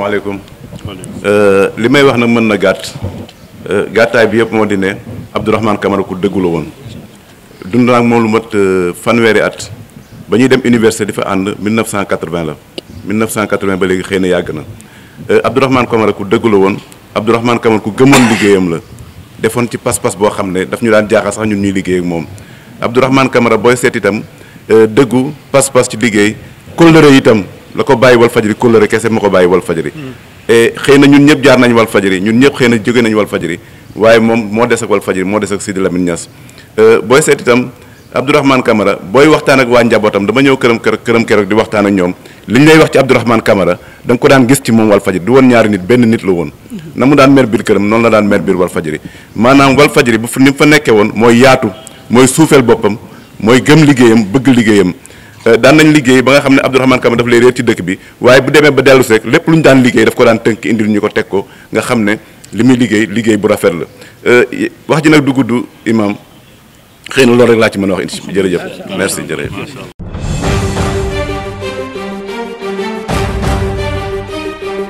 asalaamaaleykum euh, li may wax na mën na gàtt euh, gàttaay bi yëpp moo di ne Abdourahmane Camara ku dëggu la woon dund naa ak moom lu mat euh, fanweeri at ba ñuy dem université di fa ànd 1980 la 1980 ba léegi xëy na yàgg na Abdourahmane Camara ku dëggu la woon Abdourahmane Camara ku gëmoon liggéeyam la defoon ci pas-pas boo xam ne daf ñu daan jaaxal sax ñun ñuy liggéey ak moom Abdourahmane Camara booy seet itam dëggu pas-pas ci liggéey kóllëre itam la ko bàyyi wal fajri kóllëre kese ma ko bàyyi wal fajri mm. et xëy na ñun ñëpp jaar nañ wal faj fajri ñun ñëpp xëy na jóge nañ wal fajri waaye moom moo des ak wal fajri moo des ak Sidi Lamine Niass euh, booy seet itam Abdourahmane Camara booy waxtaan ak waa njabootam dama ñëw këram kër këram keroog di waxtaan ak ñoom li ñu lay wax ci Abdourahmane Camara da nga ko daan gis ci moom wal fajri du woon ñaari nit benn nit la woon mm-hmm. na mu daan mer biir këram noonu la daan mer biir wal fajri maanaam wal fajri bu ni mu fa nekkee woon mooy yaatu mooy suufeel boppam mooy gëm liggéeyam bëgg liggéeyam Euh, daan nañ liggéey ba nga xam ne Abdourahmane Kama daf lay réer ci dëkk bi waaye bu demee ba dellu rek lépp lu ñu daan liggéey daf ko daan tënk indil ñu ko teg ko nga xam ne li muy liggéey liggéey bu rafet la euh, wax ji nag du imam xëy na loolu rek laa ci mën a wax incha jërëjëf merci jërëjëf.